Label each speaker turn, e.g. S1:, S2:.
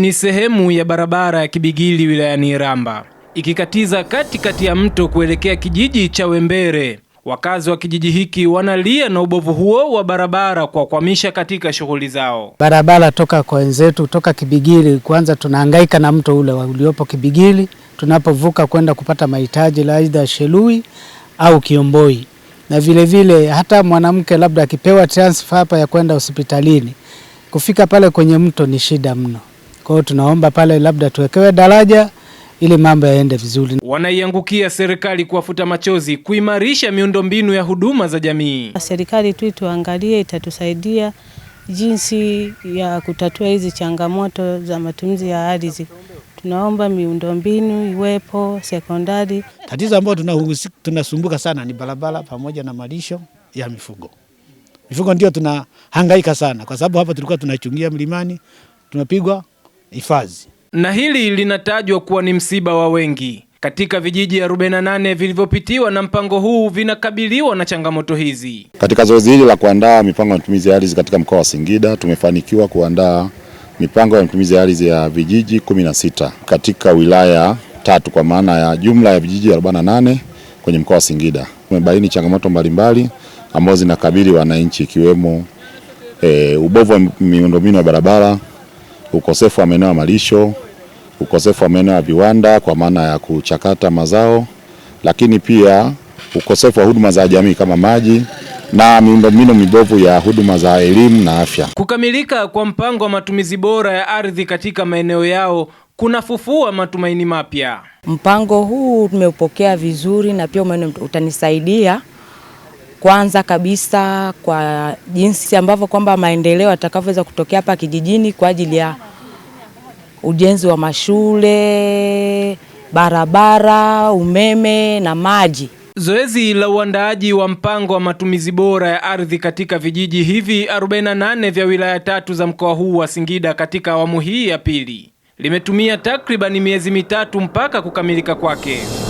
S1: ni sehemu ya barabara ya Kibigili wilayani Iramba ikikatiza katikati ya mto kuelekea kijiji cha Wembere. Wakazi wa kijiji hiki wanalia na ubovu huo wa barabara kwa katika shughuli zao.
S2: Barabara toka kwa wenzetu toka Kibigili, kwanza tunahangaika na mto ule uliopo Kibigili tunapovuka kwenda kupata mahitaji la aidha Shelui au Kiomboi, na vilevile vile, hata mwanamke labda akipewa transfer hapa ya kwenda hospitalini kufika pale kwenye mto ni shida mno. Kwa hiyo tunaomba pale labda tuwekewe daraja ili mambo yaende vizuri.
S1: Wanaiangukia serikali kuwafuta machozi kuimarisha miundombinu ya huduma za jamii.
S3: Serikali tu tuangalie, itatusaidia jinsi ya kutatua hizi changamoto za matumizi ya ardhi. Tunaomba miundombinu iwepo sekondari.
S4: Tatizo ambalo tunasumbuka sana ni barabara pamoja na malisho ya mifugo. Mifugo ndio tunahangaika sana, kwa sababu hapa tulikuwa tunachungia mlimani, tunapigwa hifadhi.
S1: Na hili linatajwa kuwa ni msiba wa wengi katika vijiji 48 vilivyopitiwa na mpango huu vinakabiliwa na changamoto hizi.
S5: Katika zoezi hili la kuandaa mipango ya matumizi ya ardhi katika mkoa wa Singida, tumefanikiwa kuandaa mipango ya matumizi ya ardhi ya vijiji 16 katika wilaya tatu, kwa maana ya jumla ya vijiji 48 kwenye mkoa wa Singida. Tumebaini changamoto mbalimbali ambazo zinakabili wananchi ikiwemo e, ubovu wa miundombinu ya barabara ukosefu wa maeneo ya malisho, ukosefu wa maeneo ya viwanda kwa maana ya kuchakata mazao, lakini pia ukosefu wa huduma za jamii kama maji na miundombinu mibovu ya huduma za elimu na afya.
S1: Kukamilika kwa mpango wa matumizi bora ya ardhi katika maeneo yao kunafufua matumaini mapya.
S6: Mpango huu tumeupokea vizuri na pia utanisaidia kwanza kabisa kwa jinsi ambavyo kwamba maendeleo yatakavyoweza kutokea hapa kijijini kwa ajili ya ujenzi wa mashule, barabara, umeme na maji.
S1: Zoezi la uandaaji wa mpango wa matumizi bora ya ardhi katika vijiji hivi 48 vya wilaya tatu za mkoa huu wa Singida katika awamu hii ya pili limetumia takribani miezi mitatu mpaka kukamilika kwake.